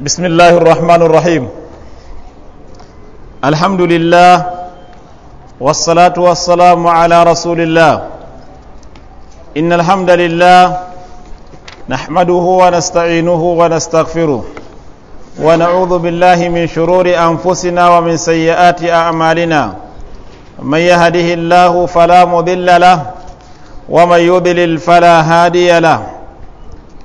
بسم الله الرحمن الرحيم الحمد لله والصلاة والسلام على رسول الله إن الحمد لله نحمده ونستعينه ونستغفره ونعوذ بالله من شرور أنفسنا ومن سيئات أعمالنا من يهده الله فلا مضل له ومن يضلل فلا هادي له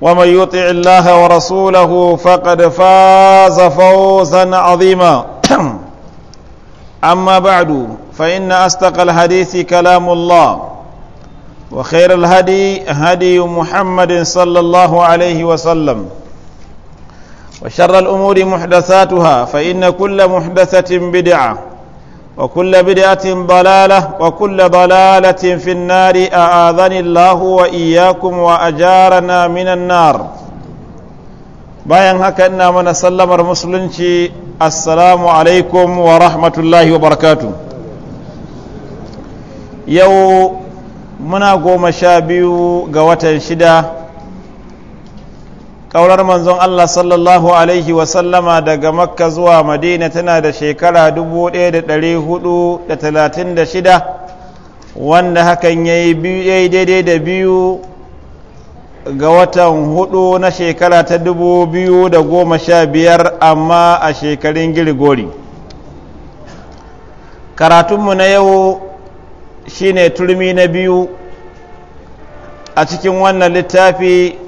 ومن يطع الله ورسوله فقد فاز فوزا عظيما أما بعد فإن أصدق الحديث كلام الله وخير الهدي هدي محمد صلى الله عليه وسلم وشر الأمور محدثاتها فإن كل محدثة بدعة وكل بدعة ضلالة وكل ضلالة في النار أعاذني الله وإياكم وأجارنا من النار bayan haka ina mana sallamar musulunci assalamu alaikum wa rahmatullahi wa barakatu yau muna goma sha biyu ga watan shida kaurar manzon Allah sallallahu alaihi wasallama daga makka zuwa madina tana da shekara 1436 wanda hakan ya yi daidai da biyu ga watan hudu na shekara ta 2015 amma a shekarun girgori karatunmu na yau shine turmi na biyu a cikin wannan littafi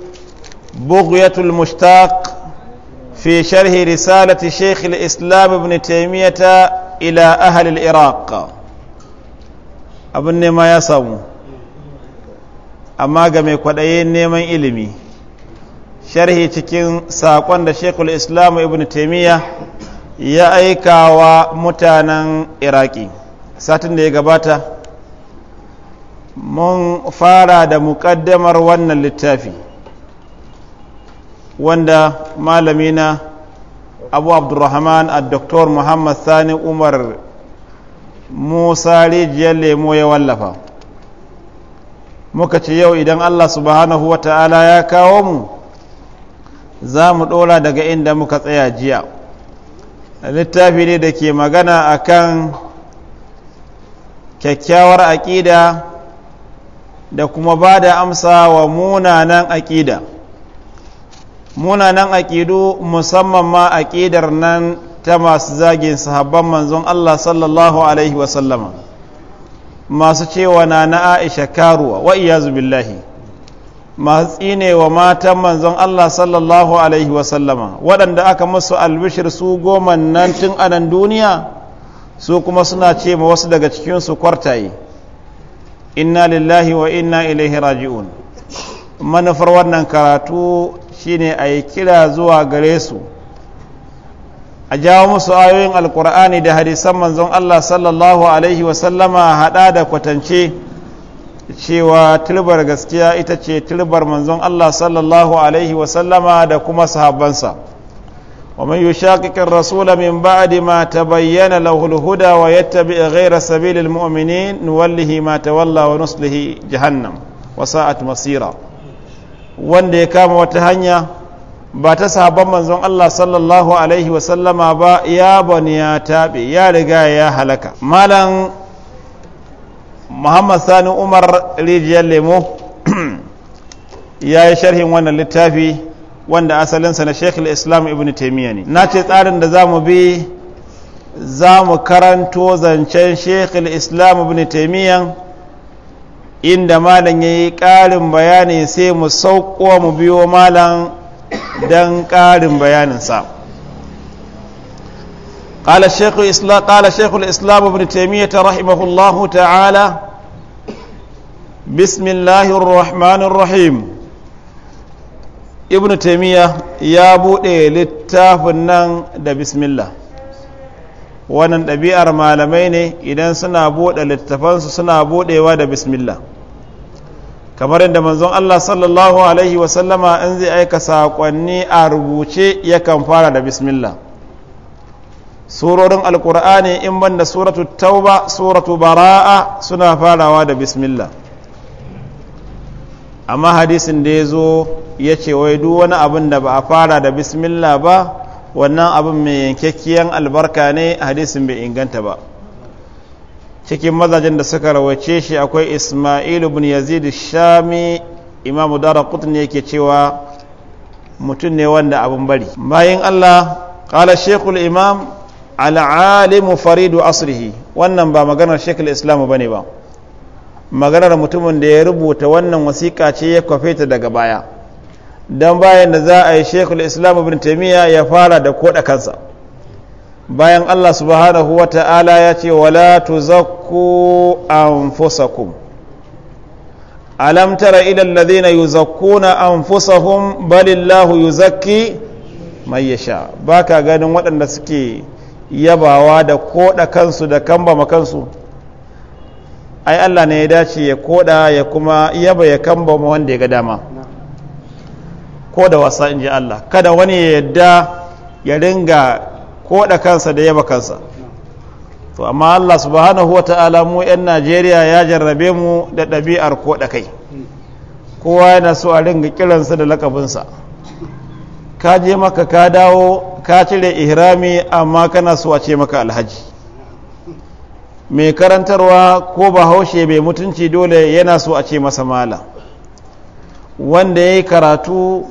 بغية المشتاق في sharhi risalati شيخ الإسلام ابن تيمية إلى أهل العراق abin ma ya samu amma ga mai kwaɗaye neman ilimi sharhi cikin saƙon da shekul islam ibn taimiyya ya aika wa mutanen iraƙi satin da ya gabata mun fara da muƙaddamar wannan littafi wanda malami na abu abdurrahman a doktor muhammad sani umar musa rijiyar lemo ya wallafa muka ce yau idan allah subhanahu wa ta'ala ya kawo mu za mu ɗora daga inda muka tsaya jiya littafi ne da ke magana a kan kyakkyawar aƙida da kuma ba da amsa wa munanan aƙida munanan aƙidu musamman ma aƙidar nan ta masu zagin sahabban manzon Allah sallallahu alaihi wasallama masu cewa na na Aisha karuwa wa iyazu billahi masu tsinewa matan manzon Allah sallallahu alaihi wasallama waɗanda aka musu albishir su goma nan tun anan duniya su kuma suna ce ma wasu daga cikinsu kwartaye inna lillahi wa inna ilaihi raji'un manufar wannan karatu shine a yi kira zuwa gare su a jawo musu ayoyin alkur'ani da hadisan manzon Allah sallallahu alaihi wasallama hada da kwatance cewa tilbar gaskiya ita ce tilbar manzon Allah sallallahu alaihi wasallama da kuma sahabbansa wa man yushaqiqir rasula min ba'di ma tabayyana lahu al-huda wa yattabi' ghayra sabilil mu'minin nuwallihi ma tawalla wa nuslihi jahannam wa sa'at masira wanda ya kama wata hanya ba ta sabon manzon Allah sallallahu alaihi wasallama ba ya bani ya taɓe ya riga ya halaka malam muhammad sani umar rijiyar lemo ya yi sharhin wannan littafi wanda asalinsa na shekul islam ibn taimiyya ne na ce tsarin da za mu bi za mu karanto zancen shekul islam ibn taimiyya inda malam ya yi ƙarin bayani sai mu sauƙo mu biyo malam don ƙarin bayaninsa ƙala shekul islam abu da taimiyya ta rahimahullahu ta'ala bismillahirrahmanirrahim ibn taimiyya ya buɗe littafin nan da bismillah wannan ɗabi'ar malamai ne idan suna buɗe littafansu suna buɗewa da bismillah kamar yadda manzon Allah sallallahu alaihi wasallama in zai aika saƙonni a rubuce yakan fara da bismillah surorin alkur'ani in banda suratu tauba suratu bara'a suna farawa da bismillah amma hadisin da ya zo ya ce wai duk wani abin da ba a fara da bismillah ba wannan abin mai yankakkiyar albarka ne hadisin bai inganta ba cikin mazajen da suka rawace shi akwai isma'ilu bin yazid shami imamu dara kutun yake cewa mutum ne wanda abin bari bayan allah kala shekul imam al'alimu faridu asrihi wannan ba maganar shekul islamu ba ne ba maganar mutumin da ya rubuta wannan wasiƙa ce ya kwafe ta daga baya don bayan da za a yi shekul islam ibn taimiyya ya fara da koda kansa bayan allah subhanahu wa ta'ala ya ce wala tuzakku anfusakum alam tara ila alladhina yuzakkuna anfusahum balillahu yuzakki mai yasha baka ganin waɗanda suke yabawa da koda kansu da kambama kansu ai allah ne ya dace ya koda ya kuma yaba ya kambama wanda ya ga dama ko da wasa in ji Allah kada wani ya yadda ya ringa koda kansa da yaba kansa to amma Allah subhanahu wa ta'ala mu 'yan Najeriya ya jarrabe mu da ɗabi'ar koda kai kowa yana so a ringa kiransa da lakabinsa ka je maka ka dawo ka cire ihrami amma kana so a ce maka alhaji mai karantarwa ko bahaushe mai mutunci dole yana so a ce masa mala wanda ya yi karatu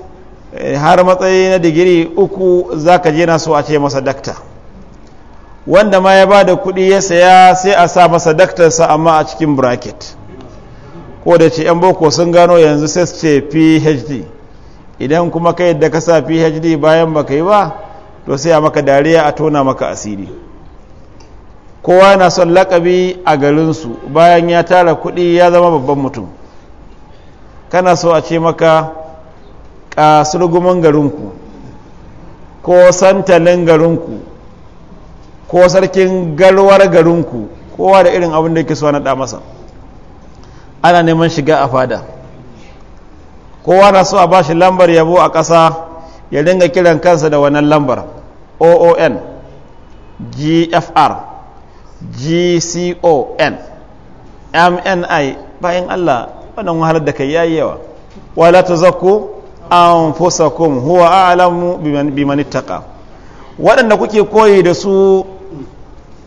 Eh, har matsayi na digiri uku za ka je na so a ce masa dakta wanda ma ya ba da kuɗi ya saya sai a sa masa daktarsa amma a cikin bracket ko da ce 'yan boko sun gano yanzu sai su ce phd idan kuma ka yadda ka sa phd bayan baka yi ba to sai a maka dariya a tona maka asiri kowa na son lakabi a garinsu bayan ya tara kuɗi ya zama babban mutum kana so a ce maka kasurguman garinku ko santanin garinku ko sarkin galwar garinku kowa da irin abin da yake so na da masa ana neman shiga a fada kowa na so a ba shi lambar yabo a ƙasa ya dinga kiran kansa da wannan lambar oon gfr gcon mni bayan allah wannan wahalar da kai yayyawa yawa wala ta anfusakum huwa a'lamu biman ittaqa waɗanda kuke koyi da su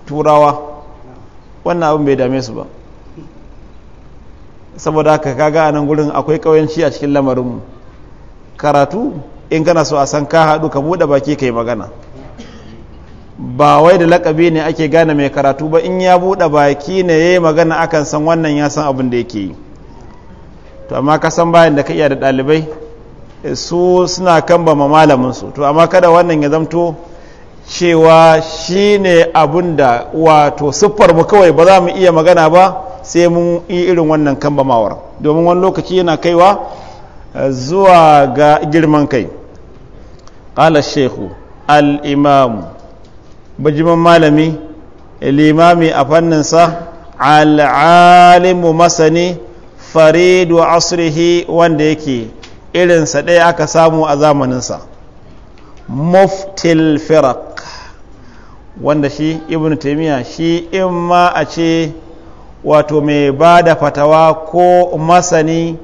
turawa wannan abin bai dame su ba saboda haka kaga a nan gurin akwai kauyanci a cikin lamarinmu karatu in kana so a san ka haɗu ka buɗe baki ka yi magana ba wai da lakabi ne ake gane mai karatu ba in ya buɗe baki ne ya yi magana akan san wannan ya san abin da yake yi to amma ka san bayan da ka iya da ɗalibai su suna kan ba malaminsu to amma kada wannan ya zamto cewa shi ne abin da wato siffarmu kawai ba za mu iya magana ba sai mun yi irin wannan kambamawar domin wani lokaci yana kaiwa eh, zuwa ga girman kai ƙala shehu al'imamu bajiman malami limami a fannin sa al'alimu masani faridu asirihi wanda yake irinsa ɗaya aka samu a zamaninsa muftil firak wanda shi ibn taimiyya shi in ma a ce wato mai ba da fatawa ko masani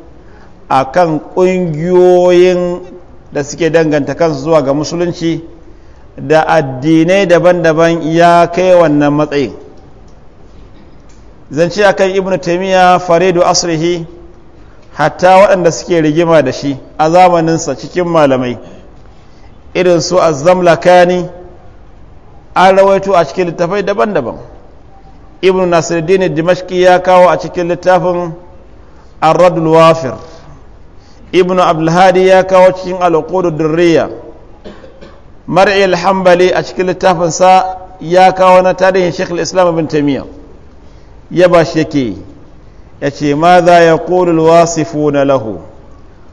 a kan ƙungiyoyin da suke danganta kansu zuwa ga musulunci da addinai daban-daban ya kai wannan matsayin zance akan ibn taimiyya faridu asrihi hatta waɗanda suke rigima da shi a zamaninsa cikin malamai irin su azzamlakani an rawaito a cikin littafai daban-daban ibn nasiruddin dimashki ya kawo a cikin littafin arradul wafir ibn abdulhadi ya kawo cikin alƙudu durriya mar'il Alhambali a cikin littafinsa ya kawo na tarihin shekul islam bin taimiyya ya ba shi yake yi ya ce ma za ya ƙorul wasifu na lahu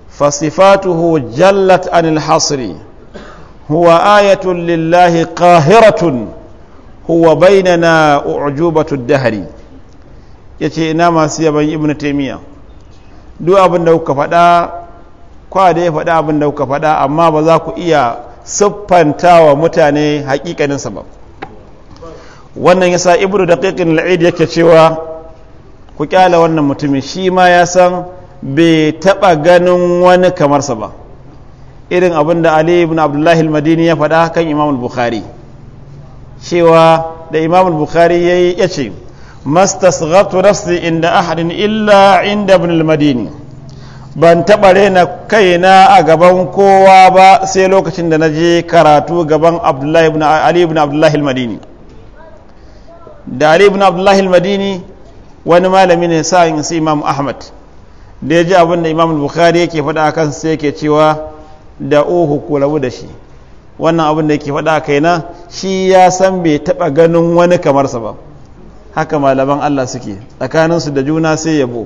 fasifatuhu jallat anil hasri huwa ayatun lillahi ƙahiratun huwa bainana u'jubatu dahari ya ce ina masu yaban ibn taimiyya duk abin da kuka faɗa kwa ya faɗa abin da kuka faɗa amma ba za ku iya siffanta wa mutane hakikaninsa ba wannan yasa ibnu daqiqin al yake cewa ku kyala wannan mutumin shi ma ya san bai taɓa ganin wani kamarsa ba irin abin da ali ibn abdullahi al-madini ya faɗa kan imam al-bukhari cewa da imam al-bukhari ya yi ya ce mastasghatu nafsi inda ahadin illa inda ibn al-madini ban taba rena kaina a gaban kowa ba sai lokacin da na je karatu gaban ali ibn abdullahi al-madini da ali ibn abdullahi al-madini wani malami ne sa yin su imam ahmad da ya ji abin da imam bukhari yake faɗa a kan sai yake cewa da ohu ko rabu da shi wannan abin da yake faɗa a kaina shi ya san bai taɓa ganin wani kamarsa ba haka malaman allah suke tsakaninsu da juna sai yabo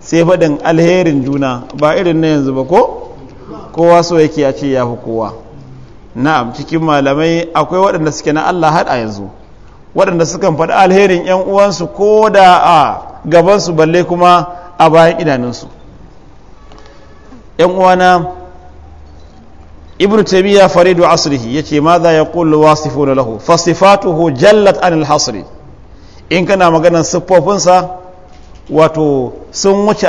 sai faɗin alherin juna ba irin na yanzu ba ko kowa so yake ya ce ya fi kowa na'am cikin malamai akwai waɗanda suke na allah har a yanzu waɗanda sukan faɗi alherin 'yan uwansu ko da a gabansu balle kuma a bayan idanunsu 'yan uwana ibn taimiyya faridu asrihi ya ce ma za ya kullu wasifu na lahu fasifatuhu jallat anil hasri in kana maganan siffofinsa wato sun wuce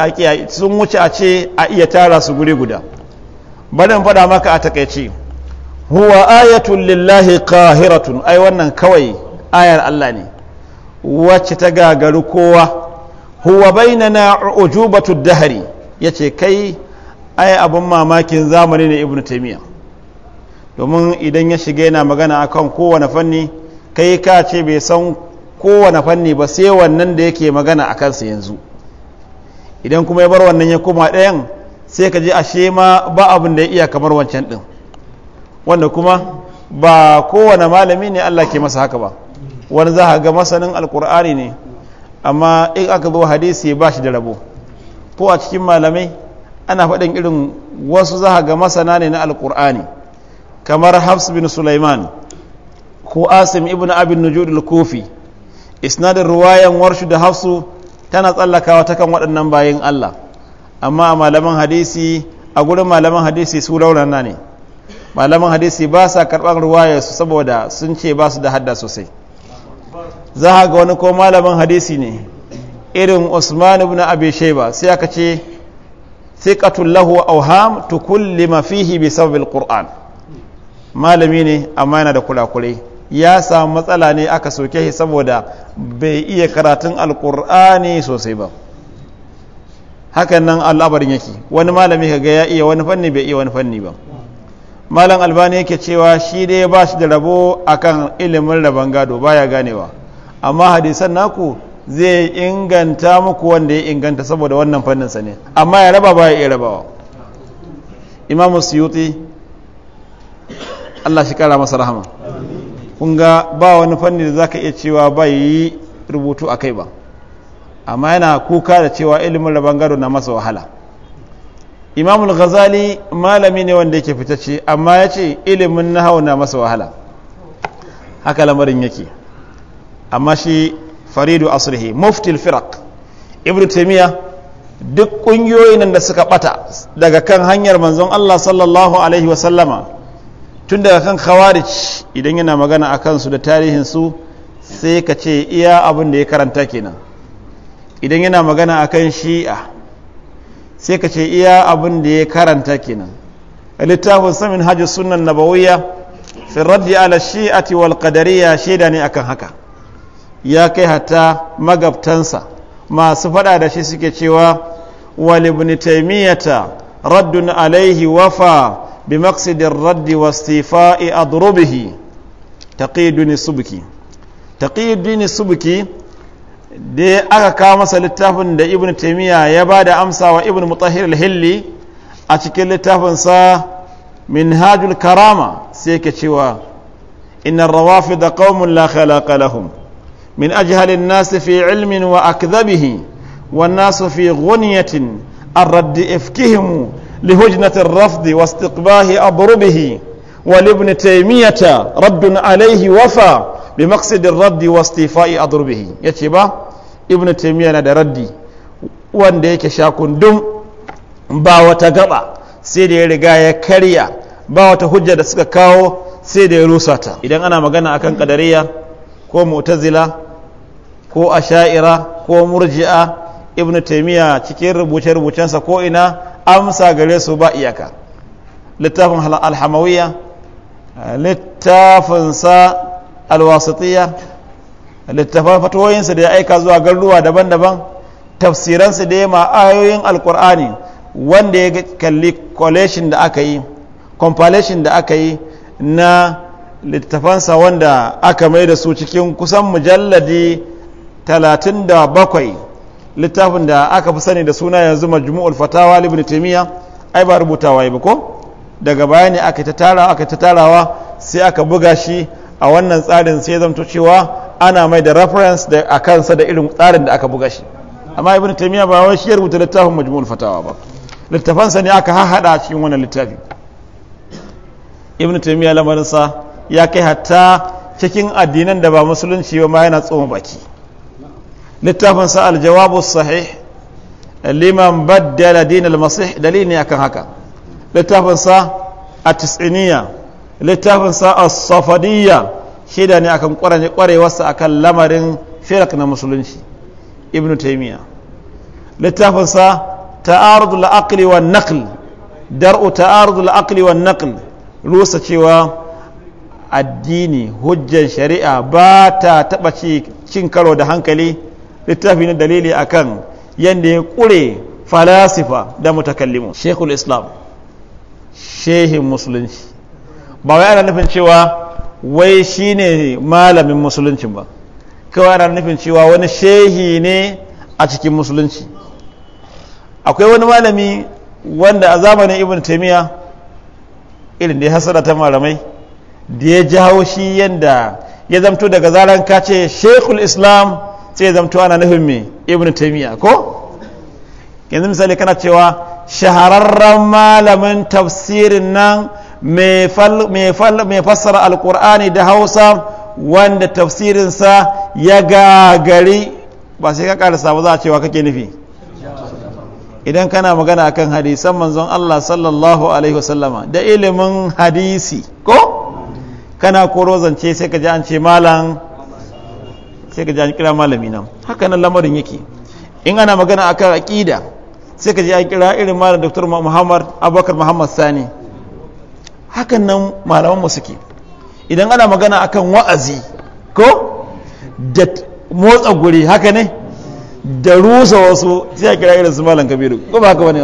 a ce a iya tara su guri guda barin faɗa maka a takaici. huwa ayatun lillahi kahiratun ai wannan kawai ayar Allah ne wacce ta gagaru kowa huwa bainana ujubatu dahari ce kai ai abin mamakin zamani ne ibnu taimiyya domin idan ya shiga yana magana akan kowane fanni kai ka ce bai san kowane fanni ba sai wannan da yake magana a kansa yanzu idan kuma ya bar wannan ya koma ɗayan sai ka je ashe ma ba abin da ya iya kamar wancan ɗin wanda kuma ba kowane malami ne Allah ke masa haka ba wani za a ga masanin alkur'ani ne amma in aka zo hadisi ba shi da rabo ko a cikin malamai ana faɗin irin wasu za a ga masana ne na alkur'ani kamar hafs bin sulaiman ko asim ibn abin nujud al-kufi isnadin ruwayan warshu da hafsu tana tsallakawa ta kan waɗannan bayan allah amma a malaman hadisi a gurin malaman hadisi su raunana ne malaman hadisi ba sa karɓar ruwayarsu saboda sun ce ba su da hadda sosai za a ga wani ko malamin hadisi ne irin usman ibn abi shayba sai aka ce thiqatul lahu awham tukullima fihi bi sabbin qur'an malami ne amma yana da kulakulai ya samu matsala ne aka soke shi saboda bai iya karatun alkur'ani sosai ba hakan nan al'abarin yake wani malami kaga ya iya wani fanni bai iya wani fanni ba malam albani yake cewa shi dai ba shi da rabo akan ilimin rabon gado baya ganewa amma hadisan naku zai inganta muku wanda ya inganta saboda wannan fanninsa ne amma ya raba ba ya iya rabawa imamu suyuti Allah shi kara masa rahama kun ga ba wani fanni da zaka iya cewa bai yi rubutu a kai ba amma yana kuka da cewa ilimin raban gado na masa wahala imamul ghazali malami ne wanda yake fitacce amma ya ce ilimin nahau na masa wahala haka lamarin yake amma shi faridu asrihi muftil firak. ibnu taymiya duk ƙungiyoyin da suka bata daga kan hanyar manzon Allah sallallahu alaihi wa sallama tun daga kan khawarij idan yana magana akan su da tarihin su sai ka ce iya abin da ya karanta kenan idan yana magana akan shi'a sai ka ce iya abin da ya karanta kenan littafin samin hajji sunan nabawiyya fi raddi ala shi'ati wal qadariyya shaida ne akan haka ya kai hata magabtansa masu faɗa da shi suke cewa walibni taimiyata raddun alaihi wafa bi maqsidin raddi wa istifa'i adrubihi taqiduni subki taqiduni subki da aka kawo masa littafin da ibn taimiyya ya ba da amsa wa ibn mutahir al-hilli a cikin littafinsa minhajul karama sai ke cewa rawafi da da la mun lahum من أجهل الناس في علم وأكذبه والناس في غنية الرد إفكهم لهجنة الرفض واستقباه أبربه ولابن تيمية رد عليه وفى بمقصد الرد واستيفاء أضربه يتبع ابن تيمية ندى ردي wanda yake shakun dum ba wata gaba sai da ya riga ya karya ba wata hujja da suka kawo sai da ya rusa ta idan ana magana akan kadariya ko mu'tazila ko a sha'ira ko murji'a ibn taimiyya cikin rubuce-rubucensa ko ina amsa gare su ba iyaka littafin alhamawiyya littafinsa alwasitiyya littafin fatoyinsa da ya aika zuwa garuruwa daban-daban tafsiransa da ya ma ayoyin alkur'ani wanda ya kalli collation da aka yi compilation da aka yi na littafansa wanda aka mai da su cikin kusan mujalladi talatin da bakwai littafin da aka fi sani da suna yanzu majmu'ul fatawa ibn taimiyya ai ba rubutawa ba ko daga baya ne aka ta tara aka ta tarawa sai aka buga shi a wannan tsarin sai zamto cewa ana mai da reference da a kansa da irin tsarin da aka buga shi amma ibn taimiyya ba wai shi ya rubuta littafin majmu'ul fatawa ba sa ne aka hahada a cikin wannan littafi ibn lamarin sa ya kai hatta cikin addinan da ba musulunci ba ma yana tsoma baki littafin sa aljawabu sahih liman baddala dinal almasih dalili ne akan haka littafin sa at-tis'iniya littafin sa as-safadiyya shida ne akan kwarewarsa akan lamarin firak na musulunci ibnu taymiya littafin sa ta'arudul aqli wan naql dar'u ta'arudul aqli wan naql rusa cewa addini hujjan shari'a ba ta taba cin karo da hankali littafi na dalili akan yadda ya kure falasifa da mutakallimu shekul islam shehin musulunci ba wai ana nufin cewa wai shi ne malamin musuluncin ba kawai ana nufin cewa wani shehi ne a cikin musulunci akwai wani malami wanda a zamanin ibn taimiyya irin da ya hasara ta malamai da ya jawo shi yadda ya zamto daga zaran kace shekul islam sai zamto ana nufin me ibnu taymiya ko yanzu misali kana cewa shahararren malamin tafsirin nan mai fassara alkur'ani da hausa wanda tafsirinsa ya gagari ba sai ka karasa ba za a cewa kake nufi idan kana magana akan hadisan manzon Allah sallallahu alaihi wasallama da ilimin hadisi ko kana koro zance sai ka ji an ce malam sai ka ji kira malami nan haka nan lamarin yake in ana magana akan aqida sai ka ji an kira irin malam Dr. Muhammad Abubakar Muhammad Sani hakan nan malaman mu suke idan ana magana akan wa'azi ko da motsa guri haka ne da rusa wasu sai kira irin su malam Kabiru ko ba haka bane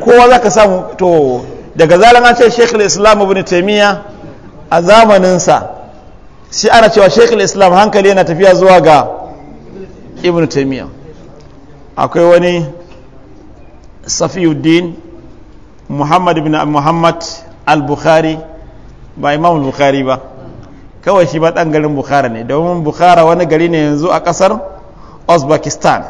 kowa zaka samu to daga zalan an ce shekaru islamu islam Ibn Taymiyyah a zamaninsa shi ana cewa shekul islam hankali yana tafiya zuwa ga ibn taimiyya akwai wani safiuddin muhammad ibn muhammad al-bukhari ba imam al-bukhari ba kawai shi ba ɗan garin bukhara ne domin bukhara wani gari ne yanzu a ƙasar uzbekistan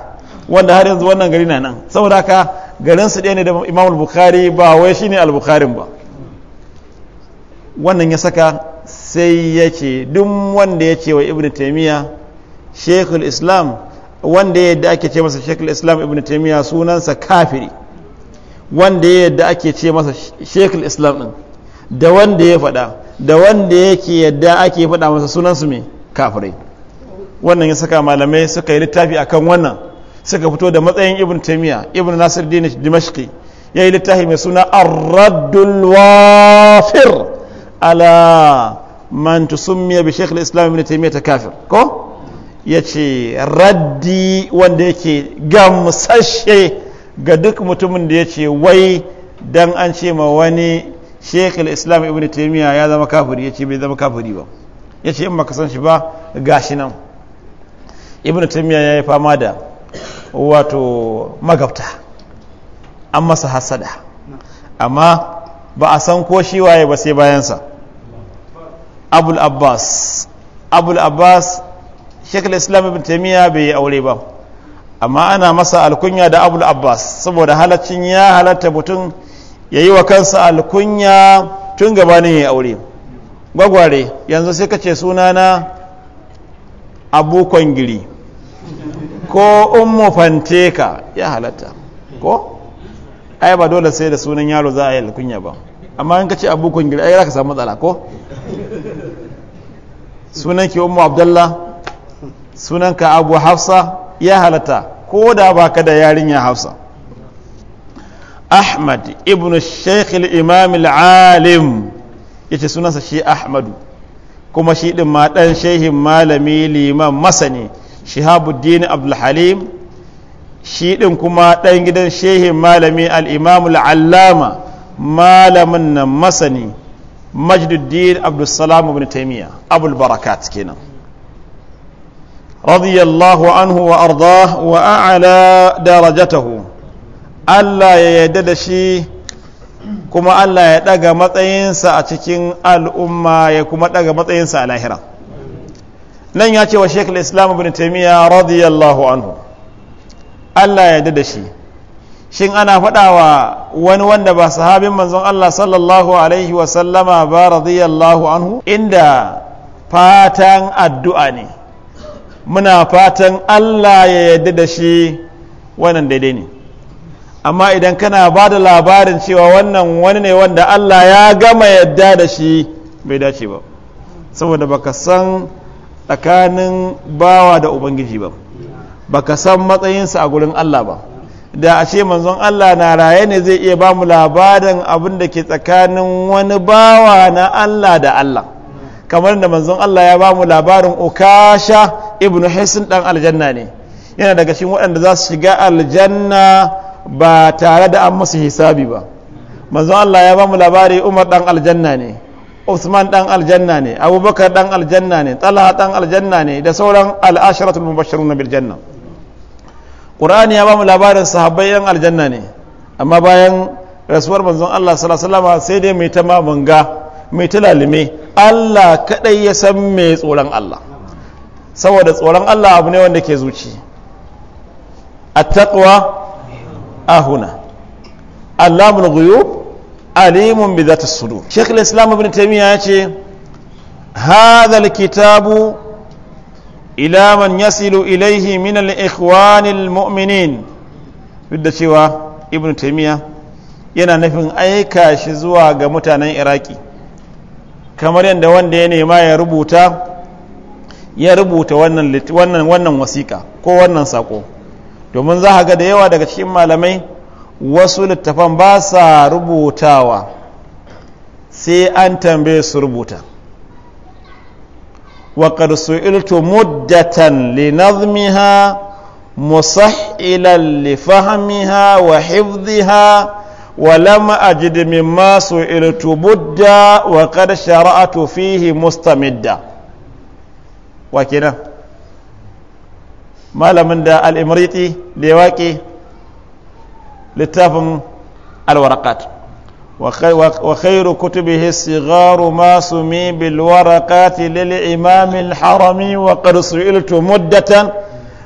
wanda har yanzu wannan gari na nan saboda haka garin su ɗaya ne da imam al-bukhari ba wai ne al-bukharin ba wannan ya saka sai ya ce duk wanda ya ce wa ibn taimiyya shekul islam wanda ya yadda ake ce masa shekul islam ibn taimiyya sunansa kafiri wanda ya yadda ake ce masa shekul islam din da wanda ya faɗa da wanda yake yadda ake faɗa masa sunansu mai kafirai wannan ya saka malamai suka yi littafi akan wannan suka fito da matsayin ibn taimiyya ibn nasir dinish dimashqi ya yi littafi mai suna arraddul wafir ala man tusummiya bi shekhar islam ibn taimiyya ta kafir ko ya ce raddi wanda yake gamsashe ga duk mutumin da ya ce wai dan an ce ma wani shekhar islam ibn taimiyya ya zama kafiri ya ce bai zama kafiri ba ya ce in baka san shi ba gashi nan ibn taimiyya ya yi fama da wato magabta an masa hasada amma ba a san ko shi waye ba sai bayansa abul abbas abul abbas shekul islam ibn taimiyya bai yi aure ba amma ana masa alkunya da abul abbas saboda halaccin ya halatta mutum ya yi wa kansa alkunya tun gabanin ya yi aure gwagware yanzu sai ka ce sunana abokan giri ko ummu fanteka ya halatta ko ai ba dole sai da sunan yaro za a yi alkunya ba amma in ka ce abu kwangiri ya za ka samu matsala ko sunan ki ummu abdullah sunan ka abu hafsa ya halatta ko da ba ka da yarinya hafsa ahmad ibn shaykh al-imam al-alim yace sunansa shi ahmadu kuma shi din ma dan shehin malami liman masani shihabuddin abdulhalim halim shi din kuma dan gidan shehin malami al-imam al-allama malamin nan masani majduddin abdulsalam ibn taimiyya abul barakat kenan radiyallahu anhu wa arda wa a'ala darajatahu Allah ya yarda da shi kuma Allah ya daga matsayinsa a cikin al'umma ya kuma daga matsayinsa a lahira nan ya ce wa shekul islam ibn taimiyya radiyallahu anhu Allah ya yarda da shi shin ana faɗawa wani wanda ba sahabin manzon Allah sallallahu alaihi wasallama ba radiyallahu anhu inda fatan addu'a ne muna fatan Allah ya yarda da shi wannan daidai ne amma idan kana ba da labarin cewa wannan wani ne wanda Allah ya gama yarda da shi bai dace ba saboda baka san tsakanin bawa da ubangiji ba baka san matsayinsa a gurin Allah ba da a ce manzon Allah na raye ne zai iya ba mu labarin abin da ke tsakanin wani bawa na Allah da Allah kamar da manzon Allah ya ba mu labarin ukasha ibn hisin dan aljanna ne yana daga cikin waɗanda za su shiga aljanna ba tare da an musu hisabi ba manzon Allah ya ba mu labari umar dan aljanna ne Usman dan aljanna ne Abubakar dan aljanna ne Talha dan aljanna ne da sauran al-asharatul mubashshirun bil janna ƙur'ani ya ba mu labarin sahabbai yan aljanna ne amma bayan rasuwar manzon Allah sallallahu sai dai mai ta mamanga mai ta lalime Allah kadai ya san mai tsoron Allah saboda tsoron Allah abu ne wanda ke zuci at-taqwa ahuna allamul ghuyub alimun bi dhati sudur Sheikh al-islam ibn taymiyyah ce hadha al-kitabu ila man yasilu ilaihi min al mu'minin duk cewa ibn taymiya yana nufin aika shi zuwa ga mutanen iraki kamar yadda wanda ya nema ya rubuta ya rubuta wannan wannan wasiƙa ko wannan sako domin za ga da yawa daga cikin malamai wasu littafan ba sa rubutawa sai an tambaye su rubuta وقد سئلت مدة لنظمها مصحلا لفهمها وحفظها ولم أجد مما سئلت مدة وقد شرعت فيه مستمدا وكنا ما لمن دا الإمريتي لواكي لتافم الورقات وخير كتبه الصغار ما سمي بالورقات للإمام الحرمي وقد سئلت مدة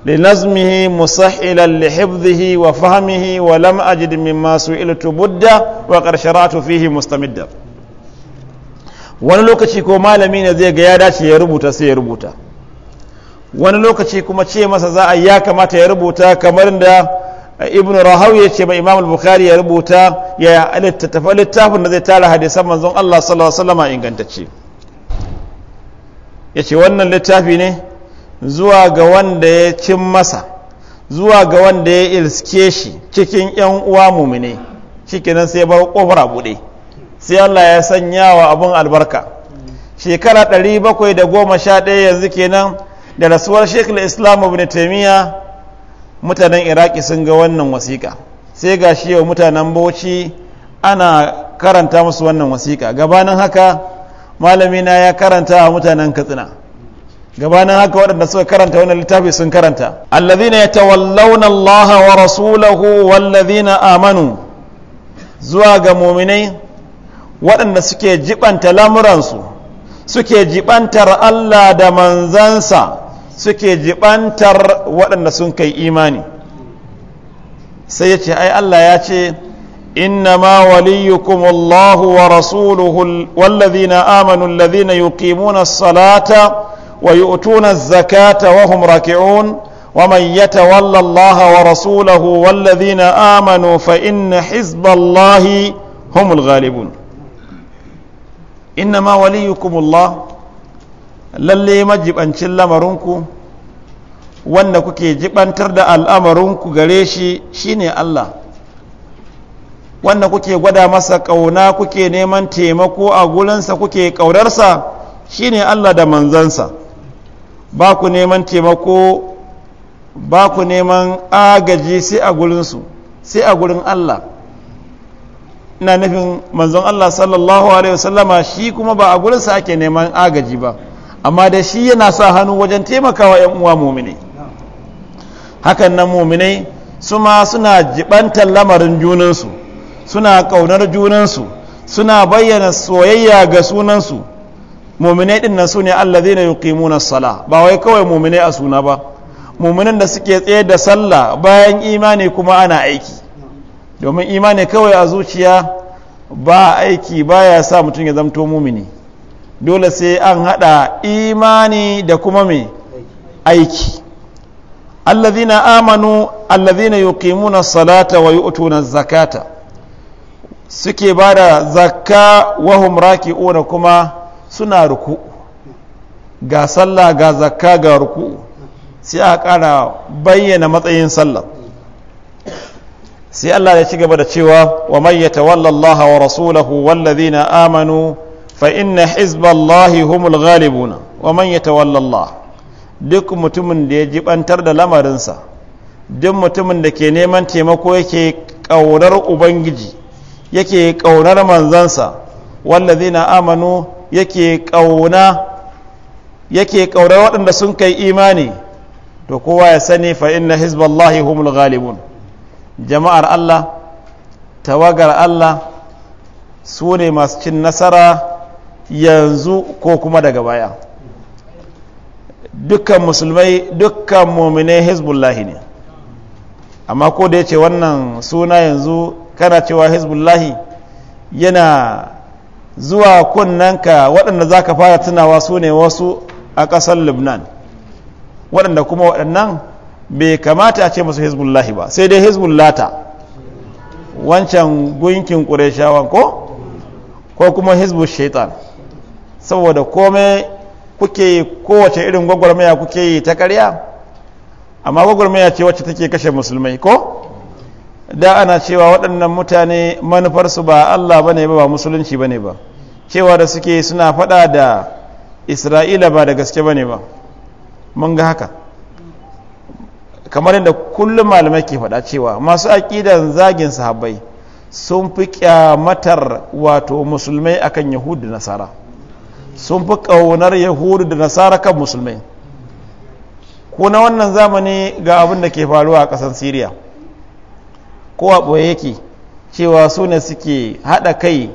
لنظمه مسحلا لحفظه وفهمه ولم أجد مما سئلت مدة وقد شرعت فيه مستمدا wani lokaci ko malami ne zai ga ya dace ya rubuta sai ya rubuta wani lokaci kuma ce masa za a ya kamata ya rubuta kamar da ibn rahawi ya ce ma imam bukhari ya rubuta ya littattafa littafin da zai tara hadisan manzon Allah sallallahu alaihi wasallam ingantacce ya ce wannan littafi ne zuwa ga wanda ya cin masa zuwa ga wanda ya ilske shi cikin yan uwa mumine shikenan sai bar kofar buɗe sai Allah ya sanya wa abun albarka shekara 711 yanzu kenan da rasuwar Sheikh Islam Ibn Taymiyyah mutanen iraki sun ga wannan wasiƙa sai ga shi yau mutanen bauchi ana karanta musu wannan wasiƙa gabanin haka malamina ya karanta a mutanen katsina gabanin haka waɗanda suka karanta wannan littafi sun karanta allazina yatawallawna allaha wa rasulahu wallazina amanu zuwa ga muminai waɗanda suke jibanta lamuransu suke jibantar allah da manzansa suke jibantar waɗanda sun kai imani sai ya ce ai Allah ya ce innama waliyukum Allahu wa rasuluhu wallazina amanu wa yu'tuna wa ومن يتول الله ورسوله والذين آمنوا فإن حزب الله هم الغالبون إنما وليكم الله lalle majibancin lamarinku wanda kuke jibantar da al'amarinku gare shi shine Allah wanda kuke gwada masa ƙauna kuke neman taimako a gurinsa kuke ƙaunarsa shine Allah da manzansa ba ku neman taimako ba ku neman agaji sai a gurinsu sai a gurin Allah ina nufin manzon Allah sallallahu alaihi wasallama shi kuma ba a gurinsa ake neman agaji ba amma da shi yana sa hannu wajen taimakawa 'yan uwa muminai hakan nan muminai su ma suna jibantar lamarin junansu suna kaunar junansu suna bayyana soyayya ga sunansu muminai din nan su ne allazi na yuqimuna sala ba wai kawai muminai a suna ba muminan da suke tsaye da sallah bayan imani kuma ana aiki domin imani kawai a zuciya ba aiki ba ya sa mutum ya zamto mumini dole sai an hada imani da kuma mai aiki allazina amanu allazina yuqimuna salata wa yu'tuna zakata suke bada da zakka wa hum raki'una kuma suna ruku ga sallah ga zakka ga ruku sai a kara bayyana matsayin sallah sai Allah ya ci gaba da cewa wa mayyata yatawalla wa rasulahu wallazina amanu فإن حزب الله هم الغالبون ومن يتولى الله duk mutumin da ya jibantar da lamarinsa duk mutumin da ke neman taimako yake ƙaunar ubangiji yake ƙaunar manzansa wallazina amanu yake ƙauna yake ƙaunar waɗanda sun kai imani to kowa ya sani fa inna hizballahi humul galibun jama'ar Allah tawagar Allah su ne masu cin nasara yanzu ko kuma daga baya dukkan musulmai dukkan muminai hezbollah ne amma ko da ya ce wannan suna yanzu kana cewa hezbollah yana zuwa kunnanka waɗanda za ka fara tunawa su ne wasu a ƙasar lebanon waɗanda kuma waɗannan bai kamata a ce masu hezbollah ba sai dai ta wancan gunkin ƙure ko ko kuma hezbollah shaitan saboda komai kuke yi kowace irin gwagwarmaya kuke yi ta karya amma gwagwarmaya ce wacce take kashe musulmai ko da ana cewa waɗannan mutane manufarsu ba Allah ba ne ba musulunci ba ne ba cewa da suke suna faɗa da isra'ila ba da gaske ba ne ba mun ga haka kamar yadda kullum malamai ke faɗa cewa masu aƙidan zagin sahabbai sun fi kyamatar wato musulmai akan yahudu nasara sun fi ƙaunar yahudu da nasara kan musulmai ko na wannan zamani ga abin da ke faruwa a ƙasar siriya ko a ɓoye yake cewa su ne suke haɗa kai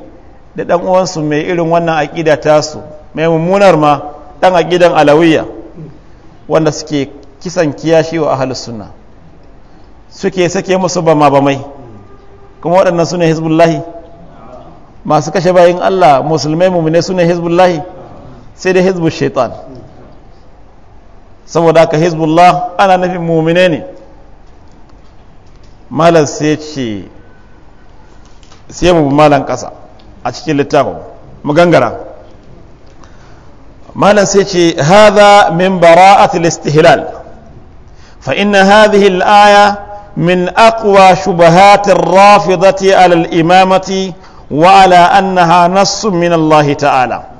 da ɗan uwansu mai irin wannan aƙida tasu mai mummunar ma ɗan aƙidan alawiya wanda suke kisan kiyashi wa ahalus sunna suke sake musu ba bamai kuma waɗannan su ne Hezbollahi? masu kashe bayan allah musulmai mummune su ne Hezbollahi? sai dai hizbul shaitan saboda haka hizbullah ana nufin mumine ne malam sai ce sai mu malan kasa a cikin littafin mu gangara malam sai ce min bara al-istihlal fa inna aya min aya من rafi شبهات alal على الإمامة وعلى أنها نص من الله ta'ala.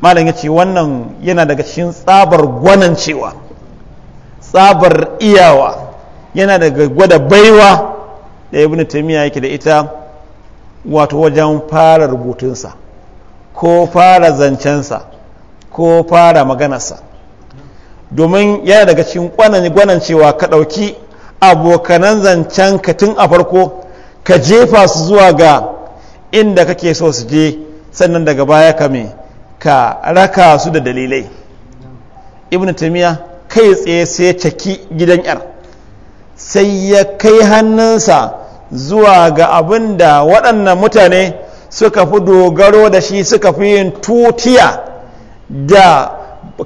malam ya ce wannan yana daga cikin tsabar gwanancewa tsabar iyawa yana daga gwada baiwa da ibn taimiyya yake da ita wato wajen fara rubutunsa ko fara zancensa ko fara maganarsa domin yana daga cikin gwanan cewa ka ɗauki abokanan zancen ka tun a farko ka jefa su zuwa ga inda kake so su je sannan daga baya ka mai ka raka su da dalilai ibn tamiya kai tsaye sai ya caki gidan yar sai ya kai hannunsa zuwa ga abin da waɗannan mutane suka fi dogaro da shi suka fi yin tutiya da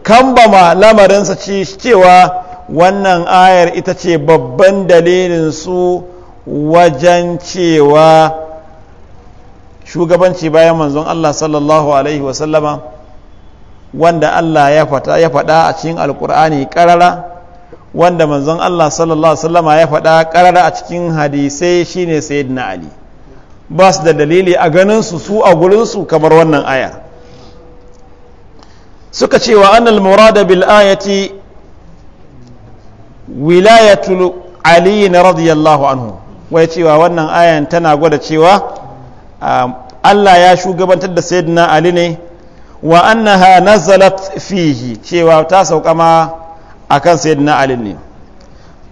kambama lamarinsa cewa wannan ayar ita ce babban dalilin su wajen cewa shugabanci bayan manzon Allah sallallahu alaihi wasallama wanda Allah ya fata ya fada a cikin alkur'ani karara wanda manzon Allah sallallahu alaihi wasallama ya fada karara a cikin hadisai shine sayyidina ali ba su da dalili a ganin su su a gurin su kamar wannan aya suka ce wa annal murada bil ayati wilayatul ali radiyallahu anhu wai cewa wannan ayan tana gwada cewa um, Allah ya shugabantar da sayyidina Ali ne wa annaha nazalat fihi cewa ta sauka ma akan sayyidina Ali ne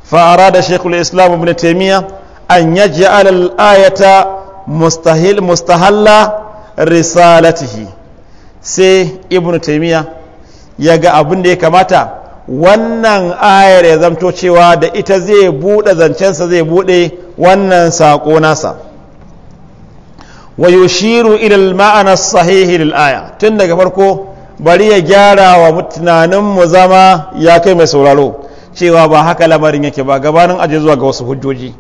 fa arada Sheikhul islam ibn Taymiyyah an yaj'al al ayata mustahil mustahalla risalatihi sai ibn ya yaga abin da ya kamata wannan ayar ya zamto cewa da ita zai buɗe zancensa zai buɗe wannan sako nasa wa yushiru ila al-ma'ana sahihi lil aya tun daga farko bari ya gyara wa tunanin mu zama ya kai mai sauraro cewa ba haka lamarin yake ba gabanin aje zuwa ga wasu hujjoji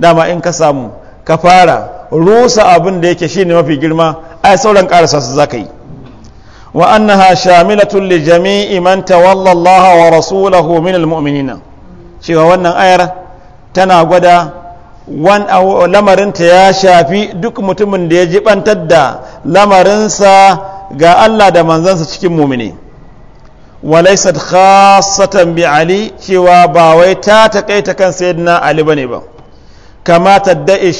dama in ka samu ka fara rusa abin da yake shine mafi girma ai sauran karasa su zaka yi wa annaha shamilatun li jami'i man tawalla Allah wa rasulahu min al-mu'minina cewa wannan ayar tana gwada lamarinta ya shafi duk mutumin da ya jibantar da lamarinsa ga Allah da manzansa cikin mumini walaisat khasatan bi ali cewa ba wai ta takaita kan sayyidina ali bane ba kama tadda'i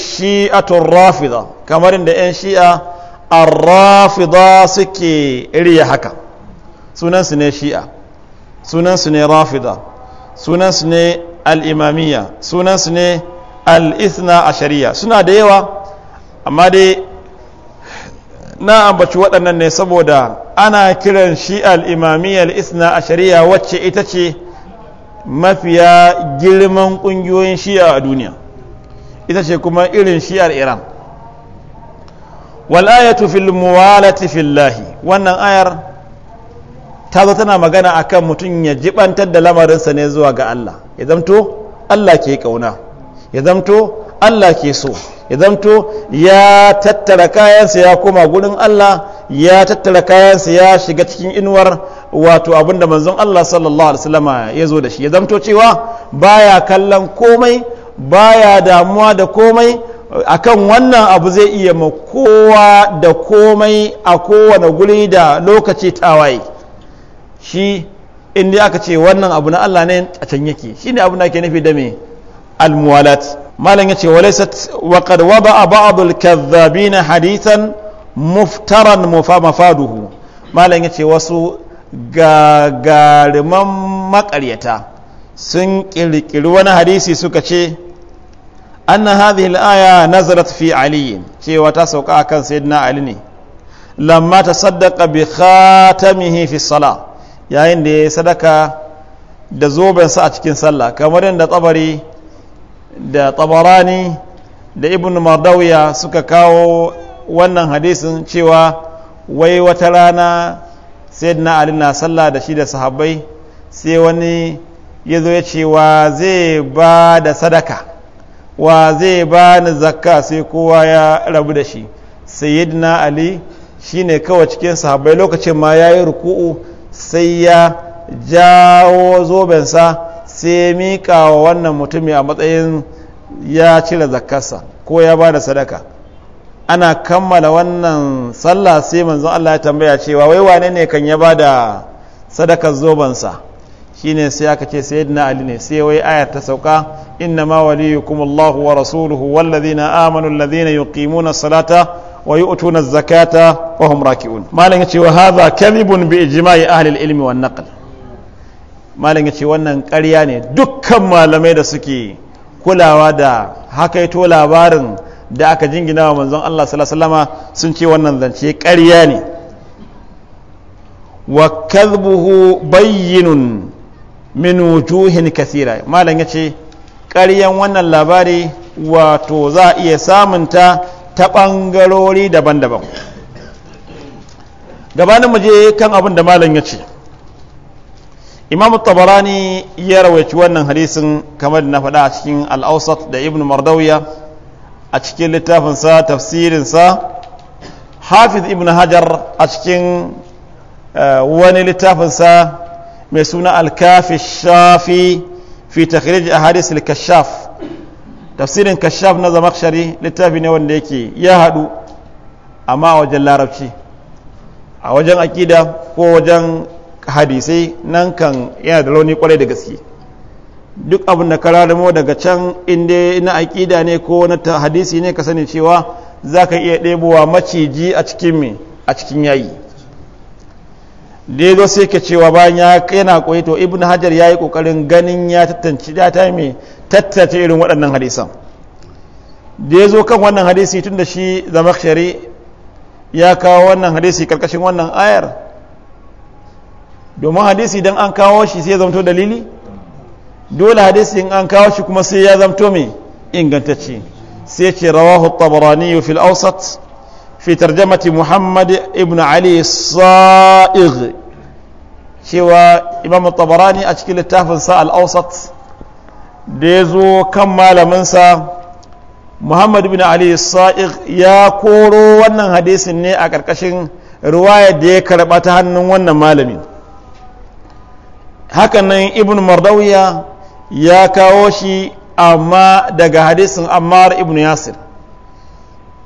tun rafida kamar inda yan shi'a ar-rafida suke riya haka sunan su ne shi'a sunan su ne rafida sunan ne al-imamiyya sunan ne al a shari'a suna da yawa amma dai na ambaci waɗannan ne saboda ana kiran shi al-imamiyya a shari'a wacce ita ce mafiya girman ƙungiyoyin shi'a a duniya ita ce kuma irin shi'ar iran wal'ayatu fil muwalati fillahi wannan ayar ta zo tana magana akan mutum ya jibantar da lamarinsa ne zuwa ga Allah ya zamto Allah ke ƙauna. ya zamto Allah ke so ya zamto ya tattara kayansa ya koma gudun Allah ya tattara kayansa ya shiga cikin inuwar wato abinda manzon Allah sallallahu alaihi wasallama ya zo da shi ya zamto cewa baya kallon komai baya damuwa da komai akan wannan abu zai iya ma kowa da komai a kowane guri da lokaci tawaye shi in aka ce wannan abu na Allah ne a can yake shi ne abu na ke nufi da me almuwalad malam yace walaysat wa qad wada'a ba'd al-kadhabin hadithan muftaran mafaduhu malam yace wasu gagariman makaryata sun kirkiri wani hadisi suka ce anna hadhihi al-aya nazarat fi ali cewa ta sauka akan sayyidina ali ne lamma tasaddaqa bi khatamihi fi salah yayin da ya sadaka da zobensa a cikin sallah kamar yadda tsabari da tabarani da ibn mardawiya suka kawo wannan hadisin cewa wai wata rana sayyidina ali na sallah da shi da sahabbai sai wani ya zo ya ce wa zai ba da sadaka wa zai ba ni zakka sai kowa ya rabu da shi sayyidina ali shi ne kawai cikin sahabbai lokacin ma ya yi ruku'u sai ya jawo zobensa sai ya miƙa wa wannan mutumi a matsayin ya cire zakarsa ko ya ba da sadaka ana kammala wannan sallah sai manzon Allah ya tambaya cewa wai wane ne kan ya ba da sadakar zobansa Shi ne sai aka ce yadda ali ne sai wai ayar ta sauka inna ma waliyukum Allahu wa rasuluhu wallazi na amanu kimu yuqimuna salata wa yu'tuna zakata wa hum raki'un malan ya ce wa hadha kadhibun bi ijma'i ahli al-ilmi wan naql malam ya ce wannan karya ne dukkan malamai da suke kulawa da haka hakaito labarin da aka jingina wa manzon Allah sallallahu sun ce wannan zance karya ne wa kadhbuhu bayyinun min wujuhin kathira malam yace ƙaryan wannan labari wato za a iya samunta ta ɓangarori daban-daban gabanin mu je kan abin da malam ya ce imam tabarani ya rawaici wannan hadisin kamar da na faɗa a cikin al'ausat da ibn mardawiya a cikin littafinsa tafsirinsa hafiz ibn hajar a cikin eh, wani littafinsa mai suna alkafi shafi fi takhrij a al-kashaf tafsirin kashaf na zamakshari littafi ne wanda yake ya haɗu amma a wajen larabci a wajen akida ko wajen hadisai nan kan yana da launi kwarai da gaske duk abin da kararamo daga can inda na aƙida ne ko na hadisi ne ka sani cewa za ka iya ɗebowa maciji a cikin mai a cikin yayi lezo sai ka cewa bayan yana koyi to ibn hajar ya yi ƙoƙarin ganin ya tattance data mai tattace irin waɗannan hadisan da ya zo kan wannan hadisi tun da shi zamakshari ya kawo wannan hadisi karkashin wannan ayar domin hadisi idan an kawo shi sai ya zamto dalili dole hadisi in an kawo shi kuma sai ya zamto mai ingantacce sai ce rawahu tabarani fil awsat fi tarjamati muhammad ibn ali sa'ig cewa imam tabarani a cikin littafin sa al awsat da ya zo kan malaminsa muhammad ibn ali sa'ig ya koro wannan hadisin ne a ƙarƙashin ruwaya da ya karɓa ta hannun wannan malamin hakanan ibn Mardauya ya kawo shi amma daga hadisin ammar ibn yasir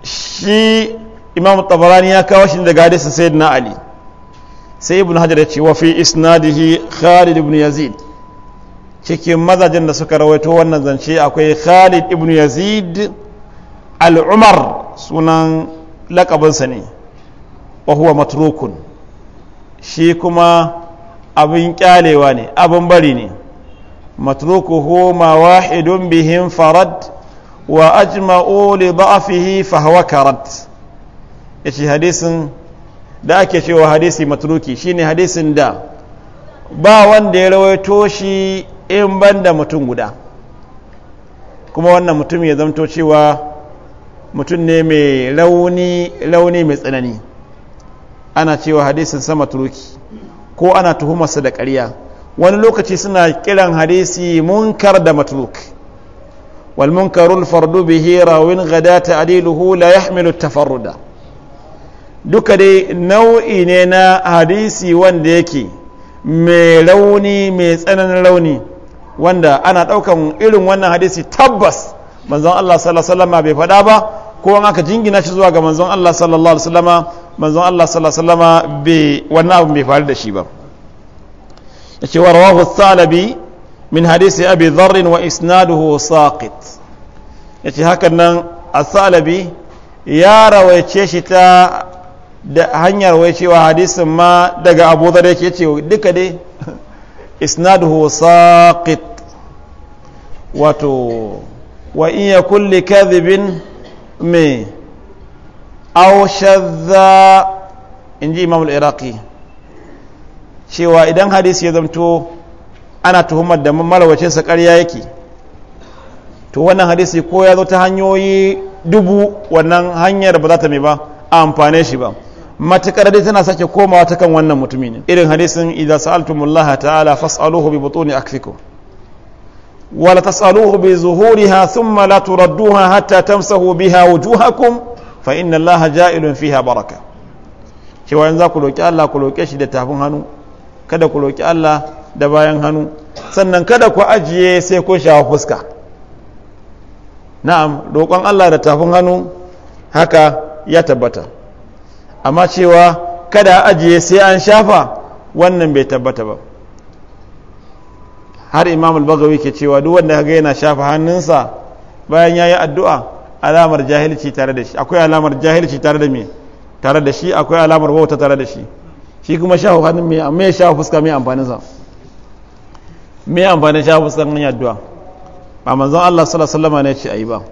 shi imam tabarani ya kawo shi daga hadisin sayyidina ali sai ibn hajar ya ce wa fi isnadihi khalid ibn yazid cikin mazajen da suka rawaito wannan zance akwai khalid ibn yazid al'umar sunan lakabinsa ne wa huwa matrukun shi kuma abin kyalewa ne abin bari ne matrukuhu ma wahidun bihim farad wa ajma'u li da'afihi fa huwa karat yace hadisin da ake cewa hadisi matruki shine hadisin da ba wanda ya rawaito shi in banda mutum guda kuma wannan mutum ya zamto cewa mutum ne mai rauni rauni mai tsanani ana cewa hadisin sama turuki ko ana tuhumarsa da ƙarya wani lokaci suna kiran hadisi munkar da matluk wal munkarul fardu bihi rawin gada adiluhu la yahmilu tafarruda duka dai nau'i ne na hadisi wanda yake mai rauni mai tsananin rauni wanda ana ɗaukan irin wannan hadisi tabbas manzon Allah sallallahu alaihi wasallam bai faɗa ba ko an aka jingina shi zuwa ga manzon Allah sallallahu alaihi wasallam manzon Allah sallallahu alaihi wasallam bai wannan abu bai faru da shi ba yace wa rawahu salabi min hadisi abi dharr wa isnaduhu saqit yace hakan nan as-salabi ya rawaice shi ta da hanyar cewa hadisin ma daga abu da yake yace duka dai isnaduhu saqit wato wa in yakul kadhibin me aw shadda in ji imam al-iraqi cewa idan hadisi ya zamto ana tuhumar da sa ƙarya yake to wannan hadisi ko ya zo ta hanyoyi dubu wannan hanyar ba za ta mai ba a amfane shi ba matukar dai tana sake komawa ta kan wannan mutumin. ne irin hadisin idza sa'altumullaha ta'ala fas'aluhu bi butuni akfikum wala tas'aluhu bi zuhuriha thumma la turadduha hatta tamsahu biha wujuhakum fa inna allaha ja'ilun fiha baraka cewa yanzu ku roki Allah ku roke shi da tafin hannu kada ku roki Allah da bayan hannu sannan kada ku ajiye sai ku shawo fuska na'am roƙon Allah da tafin hannu haka ya tabbata amma cewa kada ajiye sai an shafa wannan bai tabbata ba har imamul al-bagawi ke cewa duk wanda ga yana shafa hannunsa bayan yayi addu'a alamar jahilci tare da shi akwai alamar jahilci tare da me tare da shi akwai alamar wauta tare da shi shi kuma shahu hannun me amma ya shahu fuska me amfanin sa me amfanin sha fuska nan addu'a ba manzon Allah sallallahu alaihi wasallam ne ce ayi ba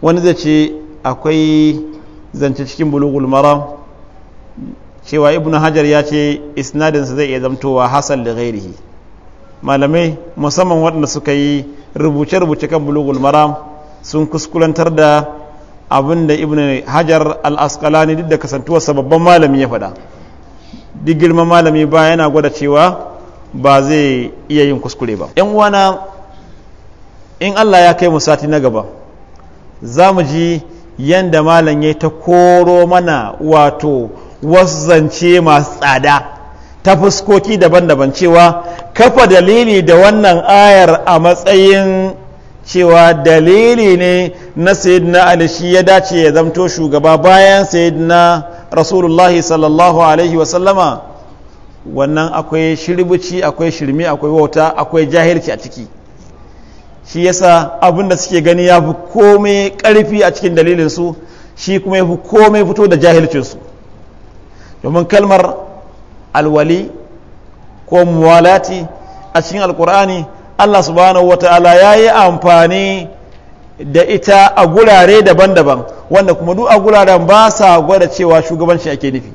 wani zai ce akwai zance cikin bulugul mara cewa ibnu hajar ya ce isnadinsa zai iya zamtowa hasan da ghairihi malamai musamman waɗanda suka yi rubuce-rubuce kan bulugul maram sun kuskulantar da abin da ibn hajar al-asqalani duk da kasantuwarsa babban malami ya faɗa duk girman malami ba yana gwada cewa ba zai iya yin kuskure ba yan wana in allah ya kai mu sati na gaba za mu ji yadda malam ya ta koro mana wato wasu zance masu tsada ta fuskoki daban-daban cewa kafa dalili da wannan ayar a matsayin cewa dalili ne na sayyidina ali shi ya dace ya zamto shugaba bayan sayyidina rasulullahi sallallahu alaihi wasallama wannan akwai shirbici akwai shirmi akwai wauta akwai jahilci a ciki shi yasa abin da suke gani ya fi komai karfi a cikin dalilinsu shi kuma ya fi komai fito da jahilcinsu domin kalmar alwali ko muwalati a cikin alkur'ani Allah subhanahu ta'ala ya yi amfani da ita a gurare daban-daban wanda kuma duk a guraren ba sa gwada cewa shugabanci ake nufi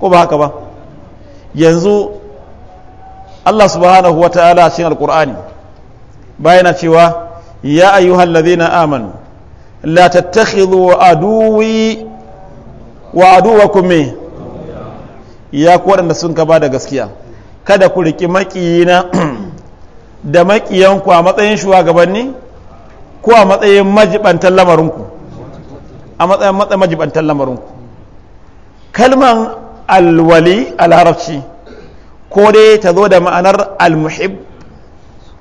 ko ba haka ba yanzu Allah subhanahu wata'ala a cikin alkur'ani bayana cewa ya ayyuhal ladhina amanu la tattakhidhu aduwi wa aduwakum ya ku waɗanda sun ka ba da gaskiya kada ku riƙi makiyina. da maƙiyanku a matsayin shugabanni ko a matsayin majibantar lamarinku a matsayin matsayin majibantar lamarinku kalman alwali a larabci ko dai ta zo da ma'anar almuhib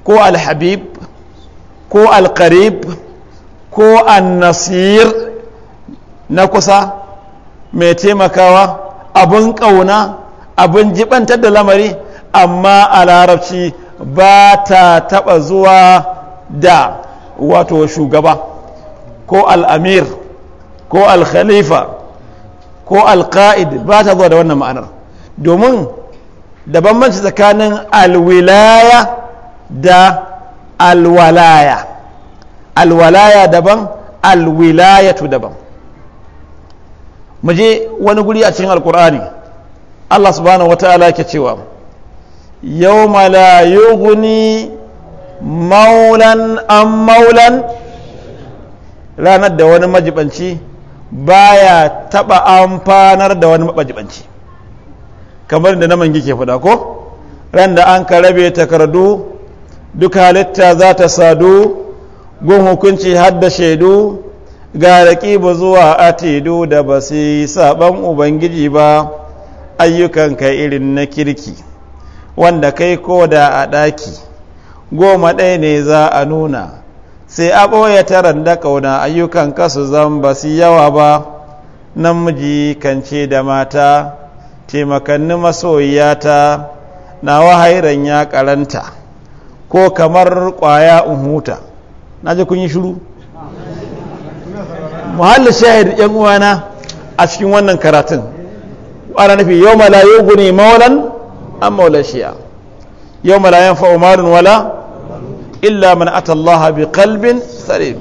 ko alhabib ko alkarib ko annasir na kusa mai taimakawa abin ƙauna abin jibantar da lamari amma a larabci ba ta taɓa zuwa da wato shugaba ko al'amir ko al-khalifa ko al-qa'id ba ta zuwa da wannan ma'anar domin da bambanci tsakanin alwilaya da alwalaya alwalaya daban alwilayatu daban mu je wani guri a cikin alkur'ani allah subhanahu wa ta'ala ke cewa يوم لا يغني maulan an maulan ranar da wani majibanci baya taba amfanar da wani majibanci kamar da mangi ke faɗa ko ran da an ka rabe takardu duk halitta za ta sadu gun hukunci har da shaidu ga ba zuwa atidu da ba su yi saban ubangiji ba ayyukanka irin na kirki wanda kai ko da a ɗaki goma ɗaya ne za a nuna sai a ɓoye taran da ƙauna ayyukan kasu zan ba su yawa ba namiji kan ce da mata taimakanni masoyiyata na wahairan ya karanta ko kamar ƙwaya in huta na ji kun yi shiru muhallin shahid yan uwana a cikin wannan karatun ana nufi yau malayu guni maulan an maula shi'a yau malayan fa'umarin wala illa man atallaha bi kalbin salim